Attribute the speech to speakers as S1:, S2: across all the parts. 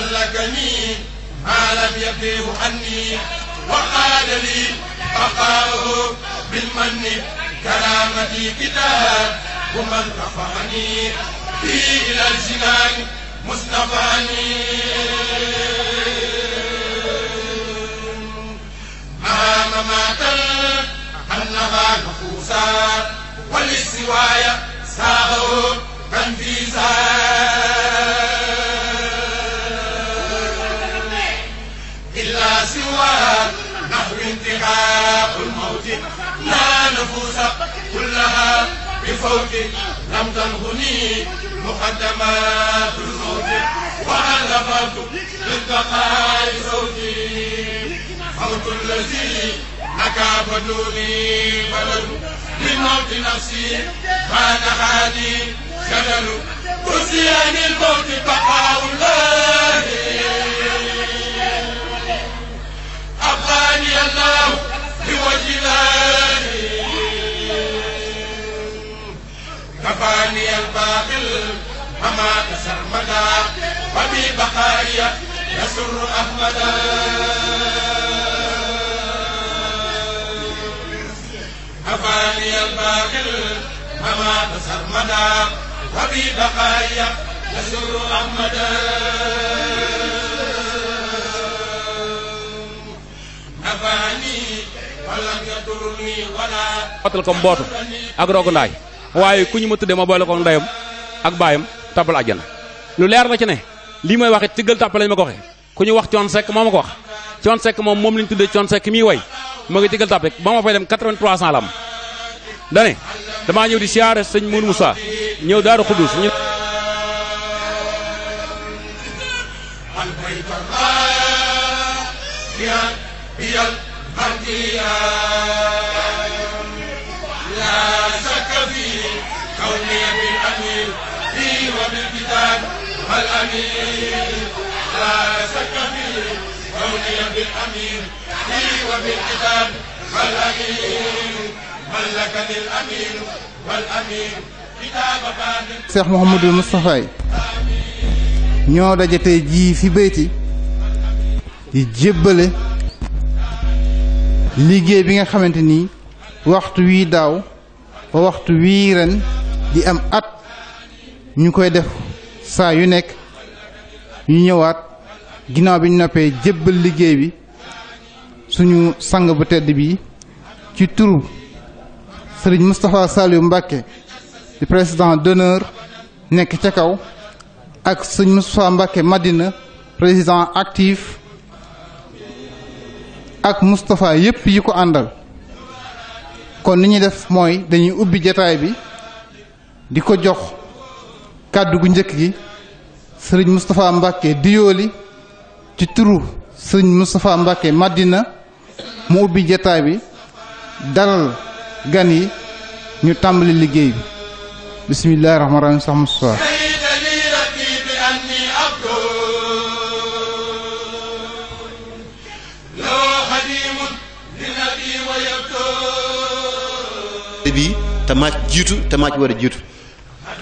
S1: ملكني ما لم يقيه عني وقال لي بقاؤه بالمن كرامتي كتاب ومن كفاني به إلى الجنان مصطفاني ما ممات أنها نفوسا وللسوايا ساغوا تنفيذا الفوت لم تنهني مقدمات الموت وألفت بالبقاء صوتي موت الذي لك بدوني بلد بموت نفسي كان حالي شلل كرسي الموت بقاء الله ثاني الباطل فما تسرمدا وببقائي يسر أحمدا أفاني الباطل فما تسرمدا وببقائي يسر أحمدا أفاني ولم
S2: يضرني ولا قتل كم بوتو أقرأ waaye ku ñu ma tudde ma boole ko ndeyam ak baayam tabal àjjana lu leer la ci ne lii may waxe ci gël tàppe lañ ma ko waxe ku ñu wax coon sekk moo ma ko wax coon sekk moom moom lañ tuddee coon sekk mii way ma ngi ci gël tàppe ba ma fay dem 8300 la am dane damaa ñëw di siyaare sëñ mu Moussa ñëw daaru Xudus
S1: الأمير لا شك
S3: ñoo daje tey jii fi béyti di jébbale liggéey bi nga xamante ni waxtu wi daaw ba waxtu wi ren di am at ñu koy def saa yu nekk ñu ñëwaat ginnaaw bi ñu noppee jébbal liggéey bi suñu sang bu tedd bi ci turu sëriñ Moustapha Saliou Mbacké di président d'honneur nekk ca kaw ak sëriñ Moustapha Mbacké màddina président actif ak Moustapha yépp yi ko àndal kon ni ñuy def mooy dañuy ubbi jataay bi di ko jox kàddu gu njëkk gi sëriñ Moustapha Mbacke Diyooli ci turu sëriñ Moustapha Mbacke Madina mu ubbi jataay bi dalal gan yi ñu tàmbali liggéey bi bismillaahi rahmaani rahiim sax Moustapha
S4: bi te maa jiitu te maa ci war a jiitu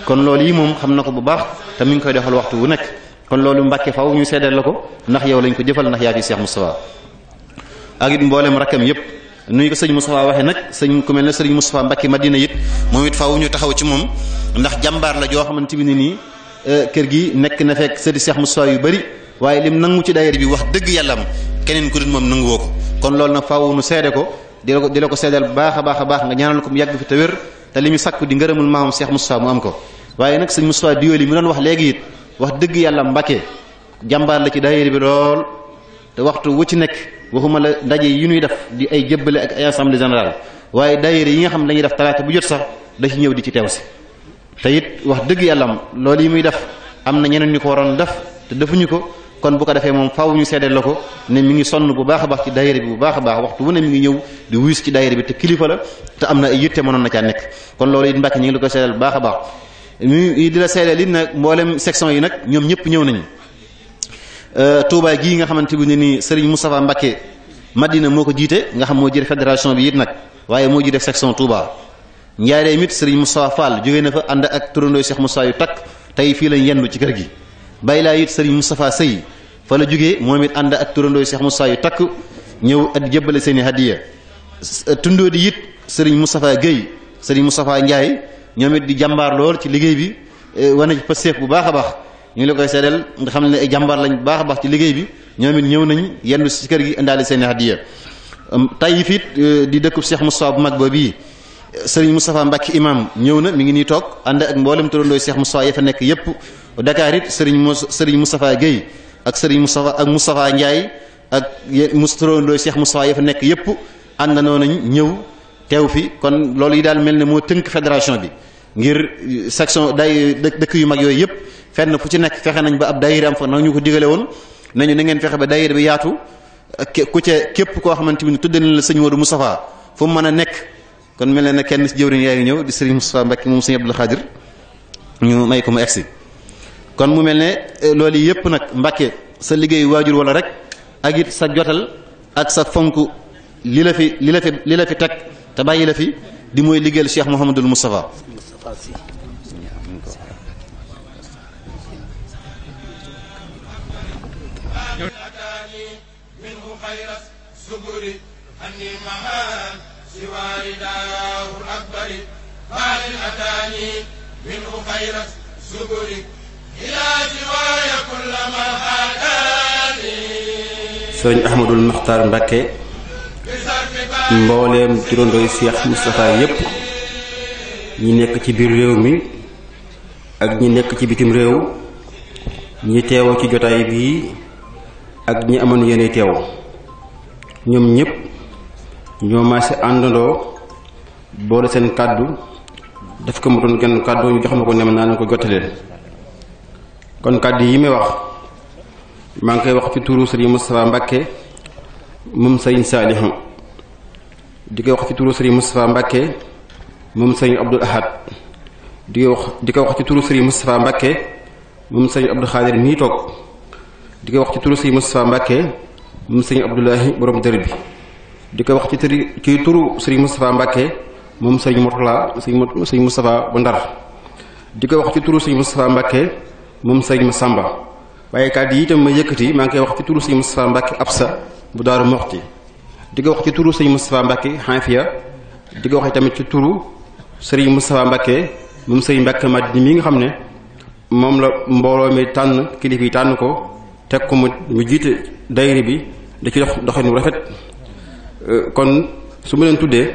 S4: kon loolu yi mom xam na ko bu baax te mi ngi koy defal waxtu wu nek kon loolu mbacke faaw ñu sédel lako nax yow lañ ko defal nax yaa fi Cheikh mustafa ak it mbolem rakam yépp nuy ko seigne mustafa waxe nak seigne ku mel seigne mustafa Mbacke Madina yit moom it faw ñu taxaw ci mom ndax jambar la jo xamanteni ni ne kër gi nek na fek sëriñ Cheikh mustafa yu bari waye lim nangu ci daayir bi wax deug yàlla am keneen ku dun mom nangu woo ko kon loolu na faaw ñu sédé ko di la ko di la ko baax nga ñaanal ko mu yàgg fi te wér te li ñu sakku di ngërëmul maamam Cheikh Moustapha mu am ko waaye nag sëñ Moustapha Dioli mu doon wax léegi it wax dëgg yàlla Mbacke jàmbaar la ci daayira bi lool te waxtu wu ci nekk waxuma la ndaje yi ñuy def di ay jëbbale ak ay assemblée générale waaye daayira yi nga xam ne dañuy def talaata bu jot sax da ci ñëw di ci teew si te it wax dëgg yàlla loolu yi muy def am na ñeneen ñu ko waroon def te defuñu ko kon bu ko defé mom faaw ñu seddeel lako ne mi ngi sonn bu baax baax ci daayira bi bu baax baax waxtu wu ne mi ngi ñëw di wuyus ci daayira bi te kilifa la te amna ay yitte mënon na ca nek kon loolu it mbacké ñi ngi lako ko seddeel baax baax mi di la seddeel it nak mbolem section yi nak ñom ñëpp ñëw nañu euh Touba gi nga xamante bi ne nii Serigne Moustapha Mbacké Madina moko jité nga xam mo jiite fédération bi it nak waye mo jiite section Touba ñaaré mit Serigne Moustapha Fall jógee na fa ànd ak turandoo Cheikh Moustapha yu tak tay fi la yendu ci kër gi bàyyi laa it sëriñ Moustapha Sëy fa la jóge moom it ànd ak turandooy Cheikh Moussa yu takk ñëw ak jébbale seen i hadiya tundoo di it sëriñ Moustapha Guèye sëriñ Moustapha Ndiaye ñoom it di jàmbaar lool ci liggéey bi eh, wane ci pësteef bu baax a baax ñu ngi la koy seddal nga xam ne ay jàmbaar lañ bu baax a baax ci liggéey bi ñoom it ñëw nañ yendu ci kër gi indaale seen i hadiya tayif it eh, di dëkkub Cheikh Moustapha bu mag ba bii Serigne Moustapha mbakk imam ñëw na mu ngi nii toog ànd ak mboolem turandoo Cheikh Moustapha ya fa nekk yépp Dakar it Serigne Mous Serigne Moustapha Guèye ak Serigne Moustapha ak Moustapha Ndiaye ak turandoo Cheikh Moustapha ya fa nekk yépp ànd na noonu ñëw teew fi kon loolu yi daal mel ni moo tënk fédération bi ngir euh, section day dëkk yu mag yooyu yépp fenn fu ci nekk fexe nañ ba ab daayira am fa na ñu ko digale woon nañu na ngeen fexe ba daayira bi yaatu ku ca képp koo xamante ni tudde la sëñ Modou Moustapha fu mu mën a nekk kon mel na kenn ci jëwriñ yaay ñëw di Serigne Moustapha Mbacké moom Serigne Abdou Khadir ñu may ko mu egsi kon mu melne loolu yëpp nak Mbacké sa liggéey wajur wala rek ak it sa jotal ak sa fonku lila fi lila fi lila fi teg ta bàyyi la fi di moy liggéel Cheikh Mouhamadul Moustapha
S1: Thank you. والداه الأكبر بعد الأتاني منه خير السبل إلى جواي كل ما حداني
S2: سيد أحمد المختار مبكي mbooleem turandooy Cheikh Moustapha yépp ñi nekk ci biir réew mi ak ñi nekk ci bitim réew ñi teewoo ci jotaay bii ak ñi amoon yéene teew ñoom ñépp ñoo maase àndandoo boole seen kàddu def ko mu doon genn kàddu ñu jox ma ko ne ma naa leen ko jottaleen kon kàddu yi may wax maa ngi koy wax ci turu Serigne Moustapha Mbacké moom Serigne Saliou di koy wax ci turu Serigne Moustapha moom Serigne Abdoul di koy wax di koy wax ci turu Serigne Moustapha Mbacké moom Serigne Abdou Khadir mii koy wax ci turu Serigne Moustapha Mbacké moom Serigne borom dër bi di ko wax ci tëri ci turu sëriñ Moustapha Mbacke moom sëriñ Mourtala sëriñ Moustapha bu Ndar di ko wax ci turu sëriñ Moustapha Mbacke moom sëriñ Massamba waaye kàddu yi ma yëkkati maa ngi koy wax ci turu sëriñ Moustapha Mbacke Absa bu Daaru Moxti di ko wax ci turu sëriñ Moustapha Mbacke Hanfiya di ko wax tamit ci turu sëriñ Moustapha Mbacke moom sëriñ Mbacke Madina mi nga xam ne moom la mbooloo mi tànn kilifa yi tànn ko teg ko mu mu jiite dayri bi da ci rafet Euh, kon su ma leen tuddee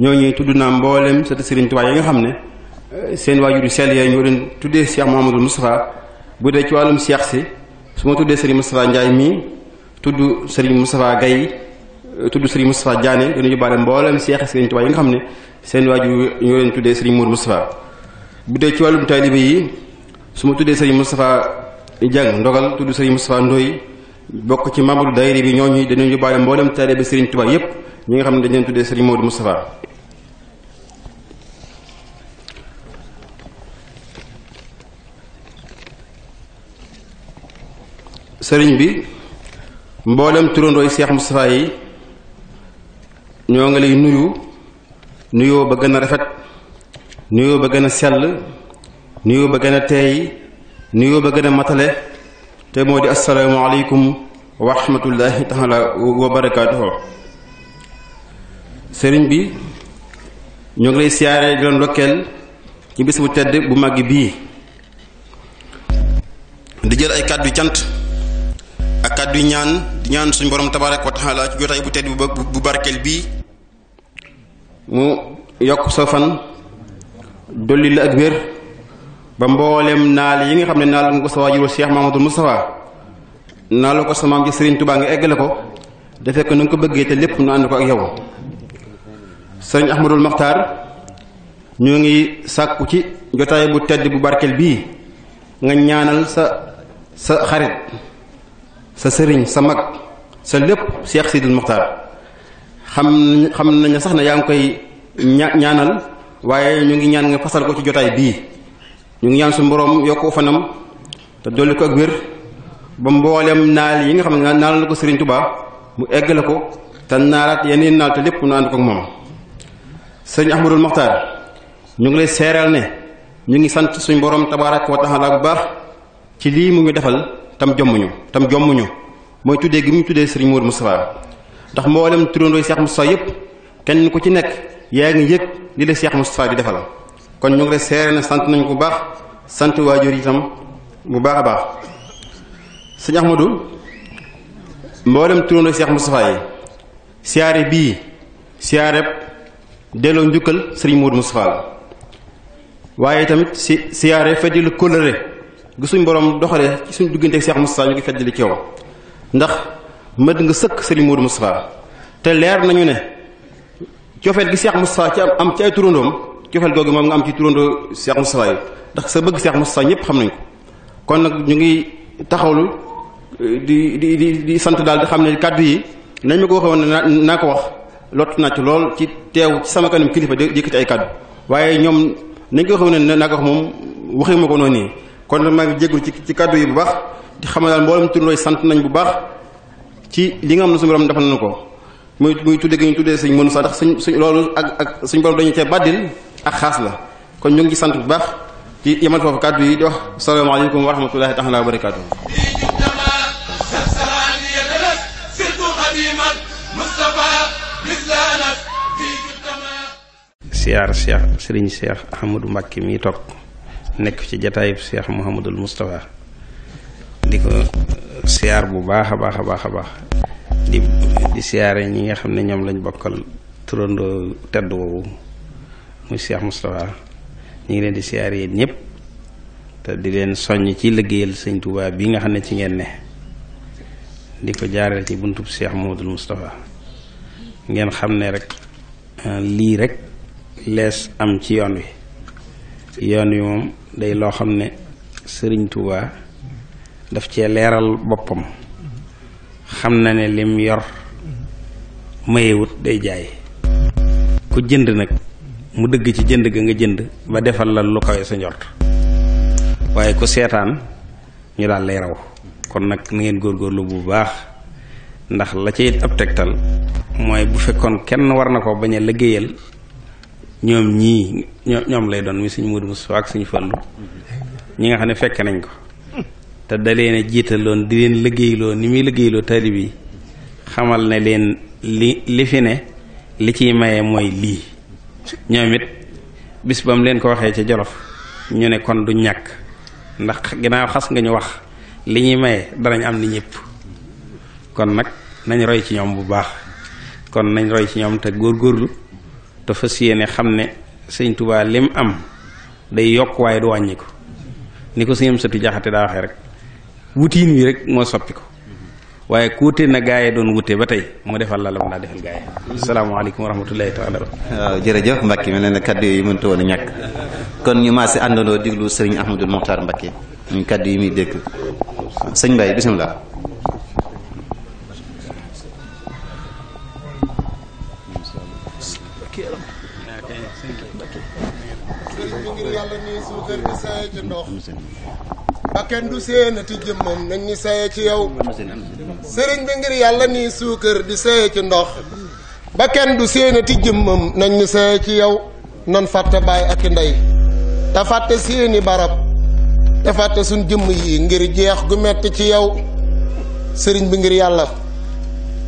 S2: ñooñu tudd naa mboolem sëti Serigne Touba yi nga xam ne euh, seen waajur yu sell ya ñoo leen tuddee Cheikh Mouhamadou Moustapha bu dee ci wàllum Cheikh si su ma tuddee Serigne Moustapha Ndiaye mii tudd Serigne Moustapha Gaye euh, tudd Serigne Moustapha Diané dana yóbbaale mboolem Cheikh Serigne Touba yi nga xam ne seen waajur ñoo leen tuddee Serigne Mour Moustapha bu dee ci wàllum taalibe yi su ma tuddee Serigne Moustapha ndogal tudd Serigne Moustapha Ndoye bokk ci membre daayira bi ñoo ñooñu dañuy yóbbaale mboolem taalibe bi Serigne Touba yépp ñi nga xam ne dañu leen tuddee Serigne Modou Moustapha sëriñ bi mboolem turandooy Cheikh Moustapha yi ñoo ngi lay nuyu nuyoo ba gën a rafet nuyoo ba gën a sell nuyoo ba gën a teey nuyoo ba gën a matale te modi assalamu alaykum wa rahmatullahi taala wa barakatuh serigne bi ñu ngi lay siaré di lan lokel ci bisbu tedd bu maggi bi di jël ay kàddu ciant ak kàddu ñaan di ñaan suñu borom tabarak wa taala ci jotay bu tedd bu barkel bi mu yok sofan fan dolli la ak wér ba mbollem nal yi nga xamne nal naal ko sa waajuru cheikh mahamadul moustapha nal ko samaam ji serigne touba nga eggal ko defee ko nang ko beugé te lepp nu and ko ak yow serigne ahmadul Makhtar, ñu ngi sakku ci jotay bu tedd bu barkel bi nga ñaanal sa sa xarit sa sirin sa mag sa lepp cheikh sidul makhtar xam xam nañu sax na yang koy ñaanal waye ñu ngi ñaan nga fasal ko ci jotay bi ñu ngi ñaan suñu borom yokku fanam te dolli ko ak wér ba mboolem naal yi nga xam ne naal la ko Serigne Touba mu eggale ko te naalaat yeneen naal te lépp nu ànd ko ak moom. Serigne Ahmadul Mokhtar ñu ngi lay seeral ne ñu ngi sant suñu borom tabaaraka wa taala bu baax ci lii mu ngi defal tam jommuñu tam jommuñu mooy tuddee gi mu tuddee Serigne Modou Moustapha ndax mboolem turandoo Cheikh Moustapha yépp kenn ku ci nekk yaa ngi yëg li la Cheikh Moustapha di defal. kon ñu ngi lay seere na sant nañu bu baax sant waajur itam bu baax a baax sëñ Ahmadu mboolem turandoo Cheikh Moustapha yi siyaare bii siyaareb delloo njukkal sëriñ Modou Moustapha la waaye tamit si siyaare feddi lu kóllëre gu suñ borom doxalee ci suñ digganteeg Cheikh Moustapha ñu ngi feddi li ci yow ndax mët nga sëkk sëriñ Modou Moustapha te leer nañu ne cofeet gi Cheikh Moustapha ci am ci ay turandoom cofeel googu moom nga am ci turandoo Cheikh Moustapha yi ndax sa bëgg seex Moustapha ñëpp xam nañu kon nag ñu ngi taxawlu euh, di di di di sant daal di xam ne kàddu yi nañ ma ko waxee na ne naa ko wax lott naa ci lool ci teew sama kanam kilifa di yëkkati ay kàddu waaye ñoom nañ ko waxee woon ne naa ko moom waxee ma ko noonu nii kon nag maa ngi jégalu ci ci kàddu yi bu baax di xam ne daal mboolem turandoo sant nañ bu baax ci li nga xam na suñu borom defal nañu ko. muy muy tuddee gi ñu tuddee sëñ mënu sax ndax sëñ loolu ak ak sëñ borom dañu cee badil ak khas la kon ñu ngi sant bu baax di yamal fofu kaddu yi di wax assalamu alaykum wa rahmatullahi taala wa barakatuh
S5: siar siar sëriñ cheikh ahmadou mbacke mi tok nek ci jotaay cheikh mouhamadul mustafa diko siar bu baakha baakha baakha baakh di di siyaare ñi nga xam ñom lañ bokkal turando tedd wu mu Cheikh mustafa ñi ngi leen di siyaare yéen ñëpp te di leen soñ ci liggéeyal seigne Touba bi nga xam ne ci ngeen ne di ko ci buntu Cheikh modou mustafa ngeen xam rek euh, li rek les am ci yoon wi yoon wi mom day lo xam ne Touba daf ci leeral bopam xamna ne lim yor mayewut day jaay ku jënd nag mu dëgg ci jënd ga nga jënd ba defal la lu kawe sa njort waaye ku seetaan ñu daal lay raw kon nag na ngeen góorgóorlu bu baax ndax la ci it ab tegtal mooy bu fekkoon kenn war na ko bañ a liggéeyal ñoom ñii ñoom lay doon mi suñu Modou Moustapha ak suñu Fallou ñi nga xam ne fekk nañ ko te da leen a jiitaloon di leen liggéeyloo ni muy liggéeyloo taalib yi xamal ne leen li li fi ne li ciy maye mooy lii ñoom it bis ba mu leen ko waxee ca jolof ñu ne kon du ñàkk ndax ginnaaw xas nga ñu wax li ñuy maye danañ am ni ñëpp kon nag nañ roy ci ñoom bu baax kon nañ roy ci ñoom te góor góorlu dafa fas yéene xam ne sëñ Tuubaa lim am day yokk waaye du wàññi ko ni ko sëñam sëtu jaxate daa waxee rek wutiin wi rek moo soppi ko waaye ku na gaa yi doon wute ba tey mu defal la la mën a defal gaa yi. salaamaaleykum wa rahmatullahi taala.
S4: waaw jërëjëf Mbacke mel na ne kaddu yi mënut woon a ñàkk kon ñu maase àndandoo diglu sëriñ Ahmadul Mokhtar Mbacke ñu kaddu yi muy dégg sëñ Mbaye
S6: ba kenn du séenati jëmmam nañ ñu saye ci yow sëriñ bi ngir yàlla di saye ndox ba kenn du séenati jëmmam nañ ñu ci yow nan fàtte baay ak i ndey te fàtte seeni barab te fàtte suñ jëmm yi ngir jeex gu metti ci yow sëriñ bi ngir yàlla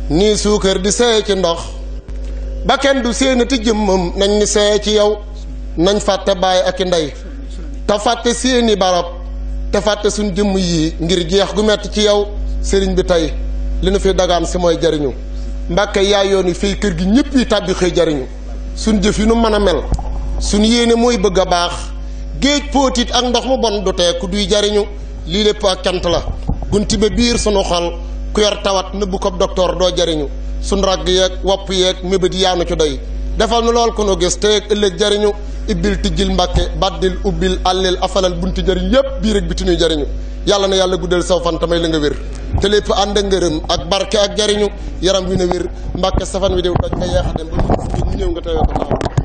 S6: nii suukar di saye ci ndox ba kenn du séenati jëmmam nañ ñu saye ci yow nañ fàtte baay ak i ndey te fàtte seeni barab te fàtte suñ jëmm yii ngir jeex gu metti ci yow sëriñ bi tey li nu fi dagaan si mooy jariñu mbàkke yaa yoon yi fay kër gi ñëpp yi tàbbi xëy jariñu suñ jëf yi nu mën a mel suñ yéene mooy bëgg a baax géej póotit ak ndox mu bon du teeku duy jariñu lii lépp ak cant la gunti ba biir sunu xol ku yor tawat nëbbu ko docteur doo jariñu suñ ragg yeeg wopp yeeg mébét yaanu ci doy defal nu lool ku nu gis teeg ëllëg jariñu ibbil tijjil mbàkke baddil ubbil àllil afalal bunti jëriñ yépp bii rek biti nuy jariñu yàlla na yàlla guddal saw fan tamay la nga wér te lépp ànd ak ngërëm ak barke ak jariñu yaram wi na wér mbàkke safan wi dew daj nga yeexa dem ba mu ñëw nga tawee ko taxaw